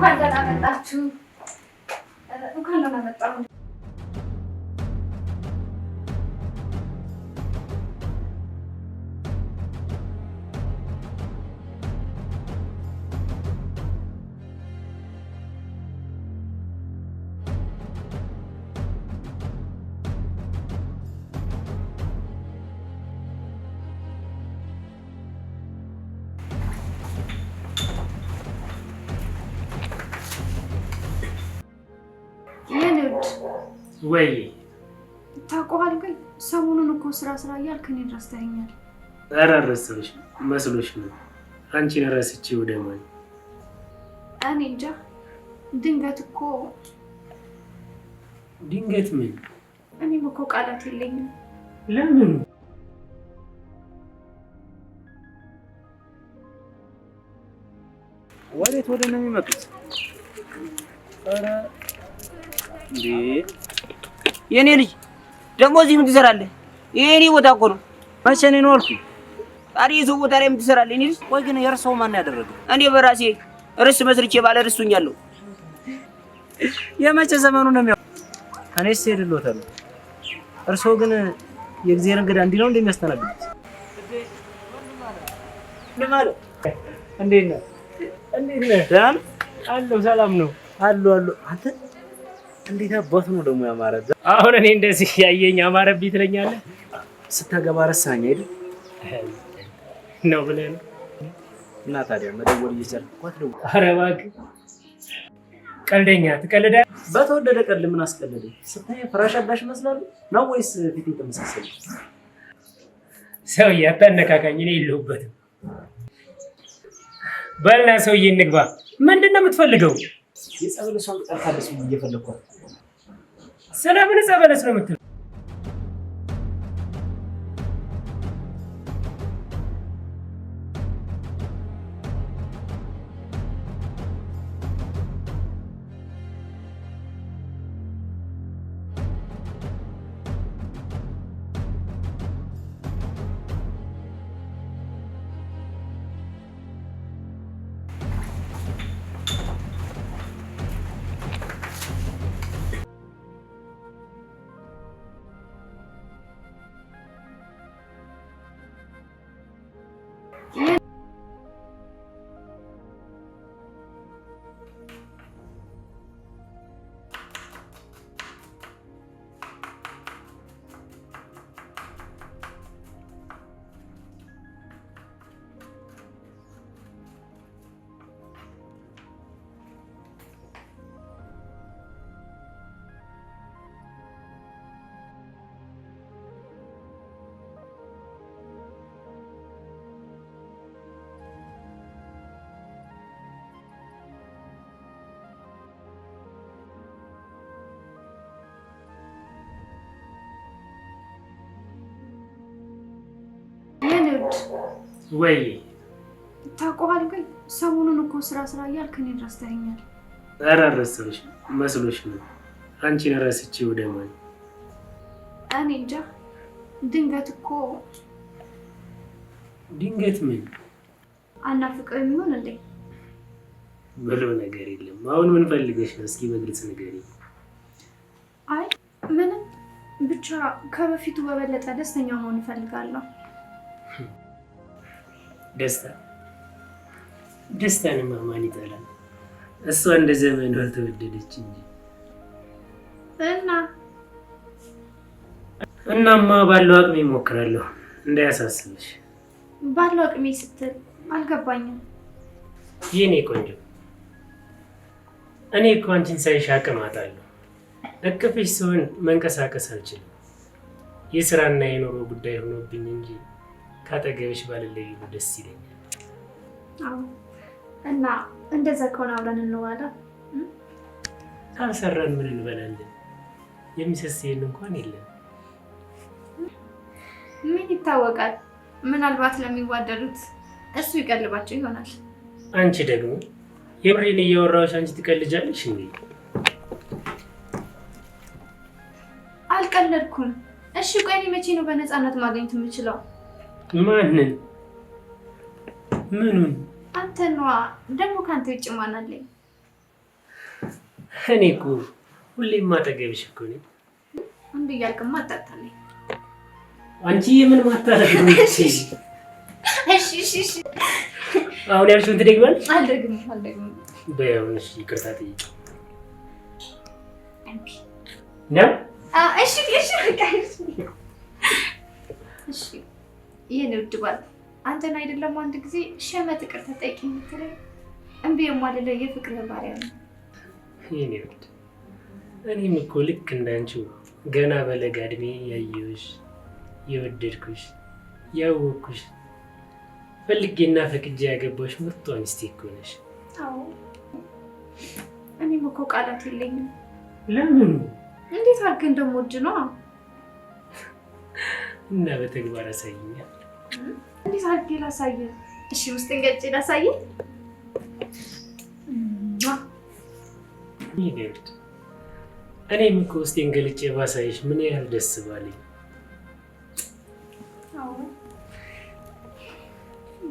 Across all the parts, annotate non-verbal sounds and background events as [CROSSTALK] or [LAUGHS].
እንኳን ደህና መጣችሁ። እንኳን ደህና መጣሁ። ውድ ወይ ታውቀዋል። ግን ሰሞኑን እኮ ስራ ስራ እያልክ እኔን ረስተኸኛል። ኧረ አልረሳሁሽ መስሎሽ ነው። አንቺን ረስቼ ወደ ማን? እኔ እንጃ። ድንገት እኮ ድንገት ምን? እኔም እኮ ቃላት የለኝም። ለምን ወዴት ወደ ነው የሚመጡት? የእኔ ልጅ ደግሞ እዚህ ምን ትሰራለህ? የእኔ ቦታ እኮ ነው። መቼ ነው አልኩህ። ታዲያ የሰው ቦታ ላይ ምን ትሰራለህ? የእኔ ልጅ ወይ ግን ማን እኔ በራሴ እርስ መስርቼ ባለ እርሱኛለሁ። የመቼ ዘመኑ ነው የሚያው እኔ ግን የእግዚአብሔር እንግዳ እንዲህ ነው እንደሚያስተናግዱት እንዴት ነህ? እንዴት ነህ? ሰላም ነው አሉ አሉ አንተ እንዴት አባት ነው ደግሞ ያማረብ። አሁን እኔ እንደዚህ ያየኝ ያማረብኝ ትለኛለህ? ስታገባ ረሳኸኝ አይደል ነው ብለህ ነው። እና ታዲያ መደወል እየቻልክ እኮ አትደውል። ኧረ እባክህ ቀልደኛ ትቀልዳለህ። በተወደደ ቀልድ ምን አስቀልደ? ስታይ ፍራሽ አዳሽ እመስላለሁ ነው ወይስ ፊቴ ተመሳሰለ? ሰውዬ አታነካካኝ፣ እኔ የለሁበትም። በልና ሰውዬ እንግባ። ምንድን ነው የምትፈልገው? የጸበል እሷን ቀርታለች እየፈለግኳት ስለምን ዕፀ ነው የምትለው? ወይ ታውቀዋል። ግን ሰሞኑን እኮ ስራ ስራ እያልክ እኔን ረስተኸኛል። ኧረ አልረሳሁሽ መስሎሽ ነው። አንቺን ረስቼ ወደ ማን? እኔ እንጃ። ድንገት እኮ ድንገት ምን አናፍቀው የሚሆን እንዴ? ብሎ ነገር የለም። አሁን ምን ፈልገሽ ነው? እስኪ በግልጽ ንገሪኝ። አይ ምንም፣ ብቻ ከበፊቱ በበለጠ ደስተኛ መሆን እፈልጋለሁ። ደስታ ደስታንማ ማን ይጠላል? እሷ እንደ ዘመኑ አልተወደደች እንጂ እና እናማ ባለው አቅሜ እሞክራለሁ። እንዳያሳስብሽ። ባለው አቅሜ ስትል አልገባኝም። የኔ ቆንጆ እኔ እኮ አንቺን ሳይሽ አቅም አጣለሁ። እቅፍሽ ሲሆን መንቀሳቀስ አልችልም። የስራና የኑሮ ጉዳይ ሆኖብኝ እንጂ ካጠገብሽ ባልለይ ደስ ይለኛል። እና እንደዛ ከሆነ አብረን እንዋላ። ካልሰራን ምን እንበላለን? የሚሰስየን እንኳን የለም። ምን ይታወቃል? ምናልባት ለሚዋደዱት እሱ ይቀልባቸው ይሆናል። አንቺ ደግሞ የምሬን እያወራሁሽ አንቺ ትቀልጃለሽ እንዴ? አልቀለድኩም። እሺ ቆይ እኔ መቼ ነው በነፃነት ማግኘት የምችለው? ማንን? ምኑን? አንተ ነዋ። ደግሞ ከአንተ ውጭ ማን አለኝ? እኔ እኮ ሁሌም ማጠገብሽ እኮ ነኝ። አንዱ እያልክማ አታታለኝ። አንቺ የምን እሺ። አሁን ያልሽውን ትደግማለሽ? አልደግም አልደግም። በእውነትሽ ይቅርታ ጠይቂ። እሺ እሺ እሺ ይህን ውድ ባል አንተን አይደለም አንድ ጊዜ ሸመት ይቅርታ ጠይቂ የምትለኝ እምቢ የማልለ የፍቅር ባሪያ ነው። ይህኔ ውድ እኔም እኮ ልክ እንዳንቺው ገና በለጋ እድሜ ያየሁሽ የወደድኩሽ ያወቅኩሽ ፈልጌና ፈቅጄ ያገባሽ ምርጧ ሚስቴ እኮ ነሽ። እኔም እኮ ቃላት የለኝም። ለምን እንዴት አድርገን እጅ ነ እና በተግባር አሳይኛል። እንዴት አድርጌ ላሳየህ? እሺ ውስጥ እንገጭ ላሳየህ። እኔም እኮ ውስጤን ገልጬ ባሳይሽ ምን ያህል ደስ ባለኝ።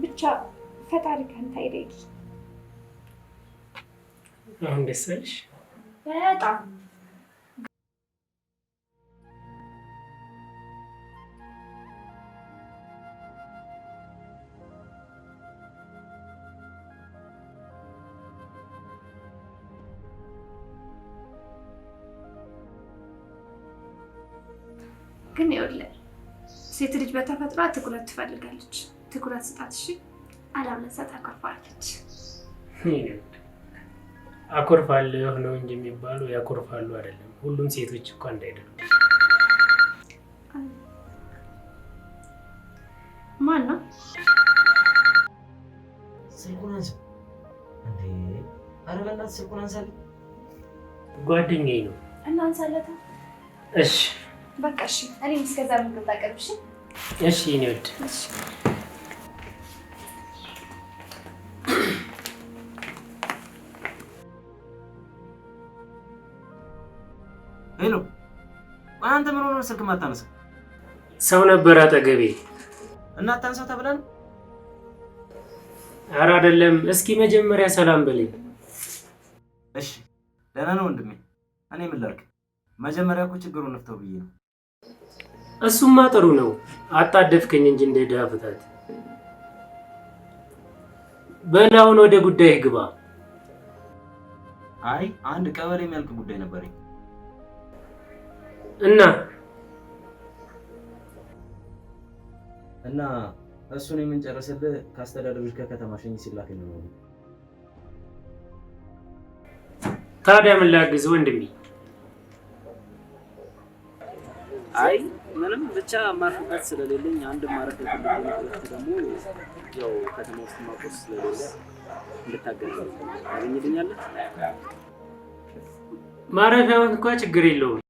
ብቻ ፈጣሪ ከአንተ አይለይ። አሁን ደስ አለሽ በጣም ልጅ በተፈጥሮ ትኩረት ትፈልጋለች። ትኩረት ስጣት እሺ። አለበለዚያ ታኮርፋለች። አኮርፋለሁ ነው እንጂ የሚባሉ ያኮርፋሉ አይደለም። ሁሉም ሴቶች እኮ አንድ አይደሉም። ማን ነው ስልኩን አንሳ? ኧረ በእናትህ ስልኩን አንሳ። ጓደኛዬ ነው እና አንሳለታ። እሺ በቃ እሺ። እኔ እስከዛ ምግብ ታቀርብሽ እሺ እኔ ወድ ሄሎ፣ አንተ ምን ሆነህ ስልክ ማታነሳ? ሰው ነበር አጠገቤ። እናታንሳው ተብለን? ኧረ አይደለም። እስኪ መጀመሪያ ሰላም በለኝ። እሺ፣ ደህና ነው ወንድሜ። እኔ ምን ላድርግ? መጀመሪያ እኮ ችግሩን እንፍተው ብዬ ነው እሱማ ጥሩ ነው። አጣደፍከኝ እንጂ እንደ ድሃ ፍታት። በል አሁን ወደ ጉዳይ ግባ። አይ አንድ ቀበሌ የሚያልቅ ጉዳይ ነበረኝ እና እና እሱን የምንጨርስልህ ከአስተዳደሮች ከከተማ ሸኝ ሲላክ ነው። ታዲያ ምን ላግዝ ወንድሜ? አይ ምንም ብቻ ማርፍበት ስለሌለኝ አንድ ማረፍ የፈለኩት ደግሞ ያው ከተማ ውስጥ ማቆስ ስለሌለ እንድታገል ታገኝልኛለህ። ማረፊያውን እንኳ ችግር የለውም።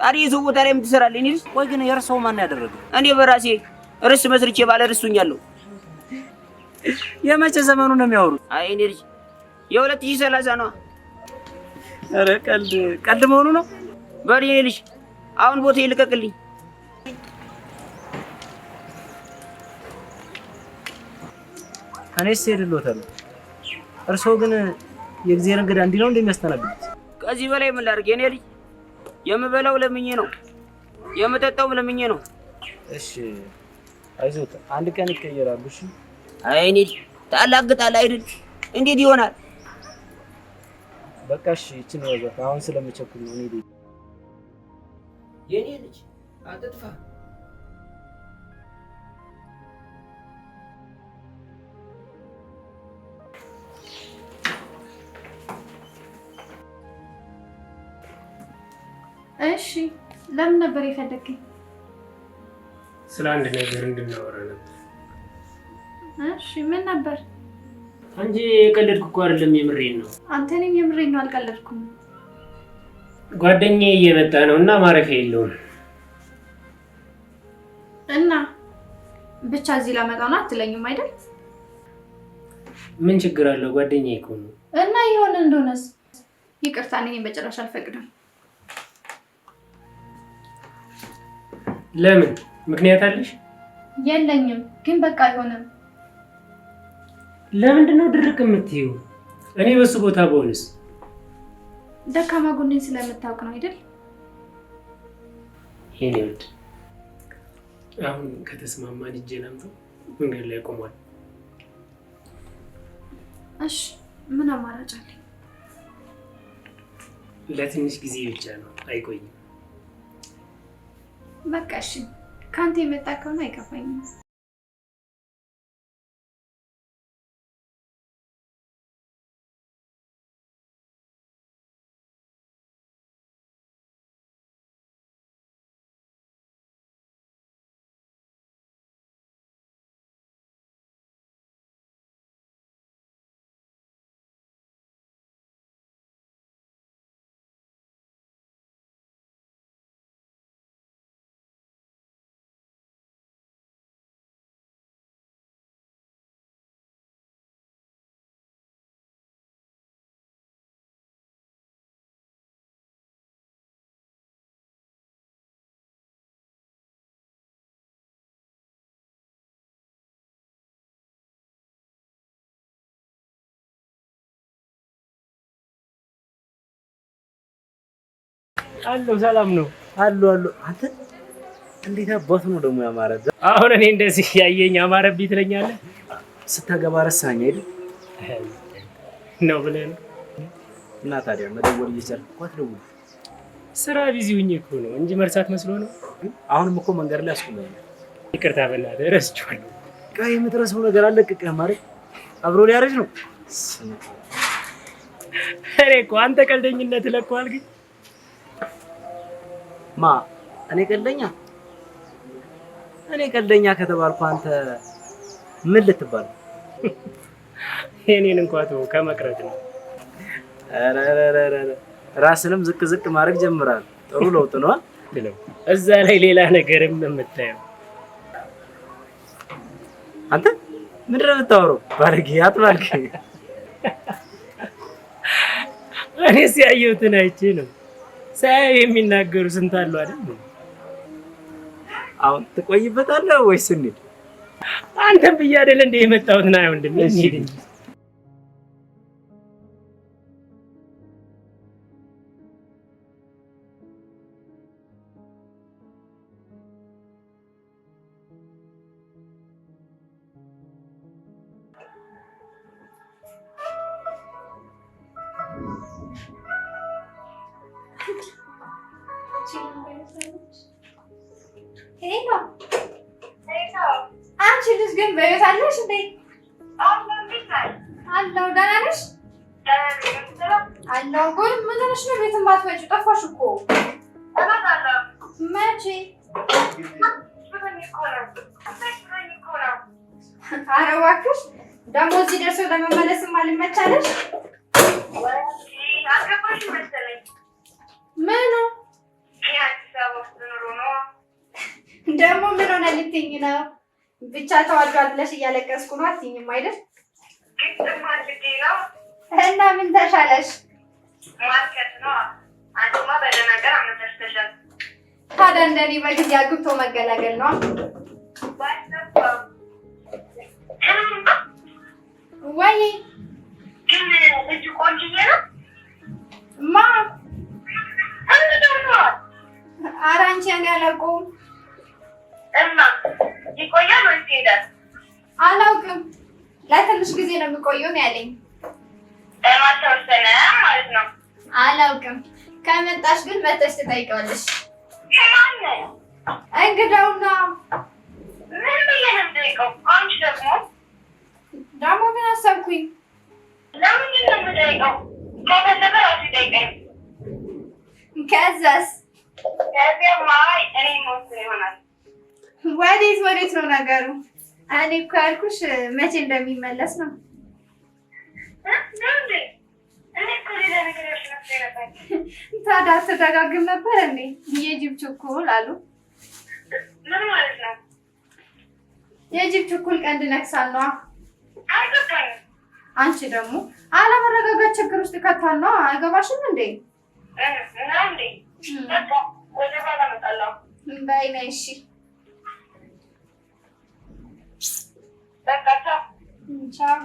ጣሪ ይዘው ቦታ ላይ እኔ ልጅ። ወይ ግን የእርሰው ማን ያደረገው? እኔ በራሴ እርስ መስርቼ ባለ ርስቱኛለሁ። የመቼ ዘመኑ ነው የሚያወሩት? አይ እኔ ልጅ የሁለት ሺህ ሰላሳ ነዋ። ኧረ ቀልድ ቀልድ መሆኑ ነው። በል የእኔ ልጅ አሁን ቦታ ይልቀቅልኝ። እኔስ ሄድልዎታለሁ። እርሶ ግን የእግዜር እንግዳ እንዲህ ነው እንደሚያስተናግዱት? ከዚህ በላይ ምን ላድርግ የእኔ ልጅ የምበላው ለምኜ ነው፣ የምጠጣውም ለምኜ ነው። እሺ አይዞት፣ አንድ ቀን ይቀየራሉ። እሺ አይኔ ታላግጣል አይደል? እንዴት ይሆናል? በቃ እሺ፣ ይችን ያዛት። አሁን ስለምቸኩል ነው። እኔ ልጅ የኔ ልጅ አትጥፋ እሺ፣ ለምን ነበር የፈለግኝ? ስለ አንድ ነገር እንድናወራ ነበር። እሺ፣ ምን ነበር? አንቺ የቀለድኩ እኮ አይደለም፣ የምሬን ነው። አንተ እኔም የምሬን ነው፣ አልቀለድኩም። ጓደኛዬ እየመጣ ነው እና ማረፊያ የለውም እና ብቻ እዚህ ላመጣው ነው አትለኝም አይደል? ምን ችግር አለው? ጓደኛዬ እኮ ነው እና የሆነ እንደሆነስ። ይቅርታ፣ እኔ በጭራሽ አልፈቅድም። ለምን ምክንያት አለሽ? የለኝም፣ ግን በቃ አይሆንም። ለምንድን ነው ድርቅ የምትይው? እኔ በሱ ቦታ በሆንስ? ደካማ ጎኔን ስለምታውቅ ነው አይደል? ይሄኔ ውድ፣ አሁን ከተስማማን እጄን አምጠው መንገድ ላይ ቆሟል። እሺ፣ ምን አማራጭ አለኝ? ለትንሽ ጊዜ ብቻ ነው፣ አይቆይም በቃ እሺ፣ ከአንተ የመጣ ከሆነ አይከፋኝም። አለው ሰላም ነው አሉ አሉ። አንተ እንዴት አባት ነው ደግሞ ያማረ። አሁን እኔ እንደዚህ ያየኝ አማረብኝ ትለኛለህ። ስታገባ ረሳኝ አይደል [LAUGHS] ነው ብለህ ነው። እና ታዲያ መደወል እየቻልኩ እኮ አትደውልም። ስራ ቢዚ ሁኜ እኮ ነው እንጂ መርሳት መስሎ ነው። አሁንም እኮ መንገድ ላይ አስቆመኝ። ይቅርታ በእናትህ እረስቼዋለሁ። በቃ የምትረሳው ነገር አለ አለቅቅህም አይደል? አብሮ ሊያረጅ ነው። እኔ እኮ አንተ ቀልደኝነት ለቀዋል ግን ማ እኔ ቀልደኛ እኔ ቀልደኛ ከተባልኩ አንተ ምን ልትባል? የኔን እንኳን ተው ከመቅረት ነው። ራስንም ዝቅ ዝቅ ማድረግ ጀምራል። ጥሩ ለውጥ ነው። እዛ ላይ ሌላ ነገርም የምታየው አንተ ምንድን ነው የምታወራው? ባለጌ አትባልክ። እኔስ ያየሁትን አይቼ ነው ሳያዩ የሚናገሩ ስንት አሉ አይደል? አሁን ትቆይበታለህ ወይስ እንሂድ? አንተም ብዬ አይደል እንደ የመጣሁት ና ወንድሜ እንሂድ እንጂ አንቺ ልጅ ግን በቤት አለሽ እንዴ? አለሁ። ደህና ነሽ? አለሁ። ቆይ ምን ሆነሽ ነው ቤትም ባትመጪው? ጠፋሽ እኮ መቼ? ኧረ እባክሽ ደግሞ እዚህ ደርሰው ለመመለስም አልመቻለሽ። ምን ነው ደግሞ ምን ሆነ ልትይኝ ነው? ብቻ ተዋዷል ብለሽ እያለቀስኩ ነው አትይኝም አይደል? እና ምን ተሻለሽ? ታዲያ እንደኔ በጊዜ አግብቶ መገላገል ነው። ወይ ልጅ ቆንጆዬ እንደምቆየው ነው ያለኝ። ለማታወሰነ ማለት ነው። አላውቅም። ከመጣሽ ግን መተሽ ትጠይቀዋለሽ። እንግዳውና ምን ብዬ ነው የምጠይቀው? አንቺ ደግሞ ደግሞ ምን አሰብኩኝ? ለምንድን ነው የምጠይቀው? ከፈለገ ራሱ ይጠይቀኝ። ከዛስ ከዚያማ እኔ ሞት ይሆናል። ወዴት ወዴት ነው ነገሩ? እኔ እኮ ያልኩሽ መቼ እንደሚመለስ ነው። ታዲያ አስተደጋግም ነበር እንዴ? የጅብ ችኩል አሉ። ምን ማለት ነው? የጅብ ችኩል ቀንድ ነክሳል ነዋ። አንቺ ደግሞ አለመረጋጋት ችግር ውስጥ ይከታል ነዋ። አይገባሽም እንዴ? በይ ነይ እሺ። ቻው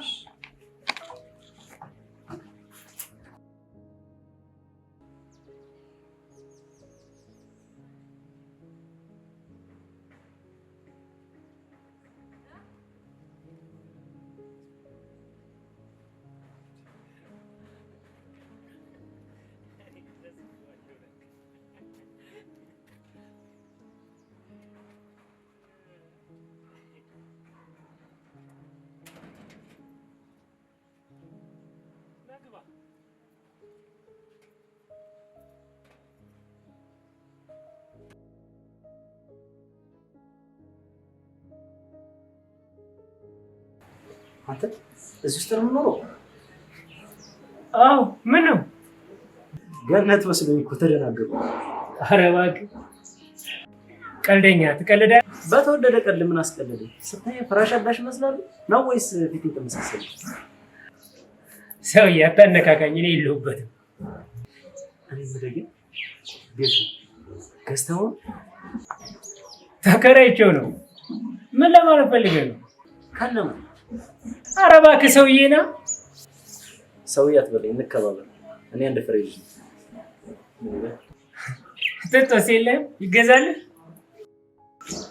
አንተ እዚህ ውስጥ ነው አዎ። ምን ነው ገነት መስሎኝ እኮ ተደናገርኩ። እባክህ ቀልደኛ፣ ትቀልዳለህ። በተወደደ ቀልድ ምን አስቀልደ? ስታይ ፍራሽ አዳሽ ይመስላል ነው ወይስ ፊት የተመሳሰለ? ሰውዬ አታነካካኝ፣ እኔ የለሁበትም። እኔ የምልህ ግን ቤቱ ገዝተኸው ተከራይቼው ነው? ምን ለማለት ፈልገህ ነው? ካለማ ኧረ እባክህ ሰውዬ ና ሰውዬ አትበለኝ፣ እንከባበር። እኔ አንድ ፍሬ ልጅ ጥጦስ የለህም? ይገዛልህ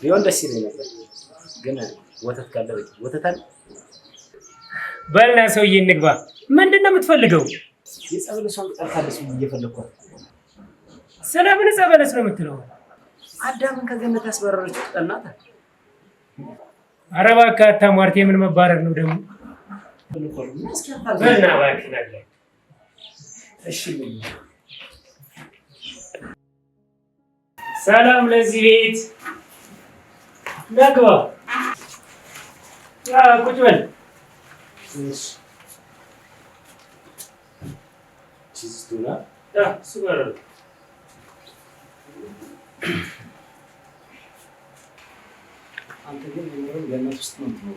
ቢሆን ደስ ይለኝ ነበር፣ ግን ወተት ካለ ወተት አለ። በልና ሰውዬ እንግባ። ምንድን ነው የምትፈልገው? የጸበለሷን ቅጠል ካለች እየፈለግኳት። ስለምን ጸበለስ ነው የምትለው? አዳምን ከገነት ያስበረረችው ቅጠል ናት። ኧረ እባክህ አታሟርት። የምን መባረር ነው ደግሞ ሰላም ለዚህ ቤት ነግባ ቁጭ በል። አንተ ግን ገነት ውስጥ ነው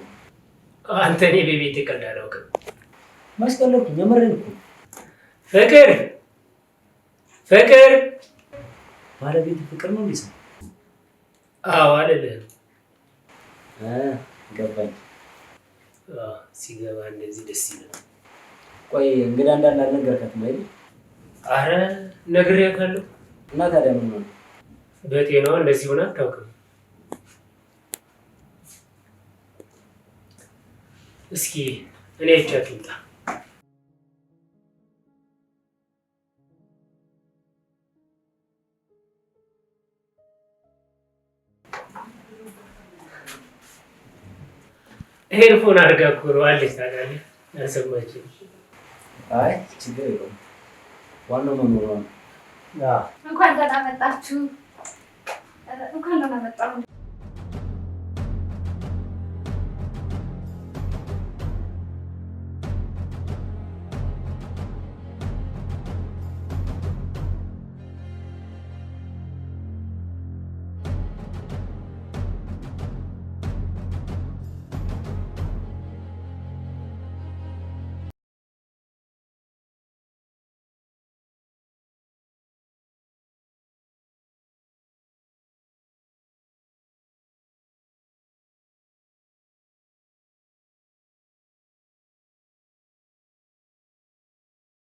አንተ እኔ በቤት ቀልድ አላውቅም። ማስቀለድኩ የምርን ፍቅር ፍቅር ባለቤት ፍቅር ነው ሊሰ አዎ አይደለም ገባኝ። ሲገባ እንደዚህ ደስ ይላል። ቆይ እንግዳ እንዳለ አልነገርካትም አይደል? አረ ነግሬያታለሁ። እና ታዲያ ምን ሆነ? በጤናዋ እንደዚህ ሆና አታውቅም እስኪ እኔ አይቻት ልምጣ። ኤርፎን አድርጋ እኮ ነው አለች። ታውቃለህ፣ አልሰማችም። አይ ችግር የለውም። ዋናው መኖር ነው። እንኳን ደህና መጣችሁ። እንኳን ደህና መጣሁ።